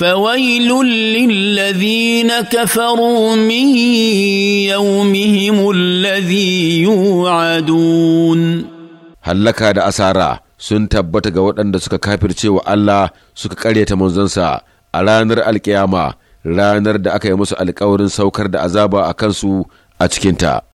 فويل للذين كفروا من يومهم الذي يوعدون هلكا da asara sun tabbata ga waɗanda suka kafirce wa Allah suka ƙaryata manzonsa a ranar alƙiyama ranar da aka yi musu alƙawarin saukar da azaba a kansu a cikinta.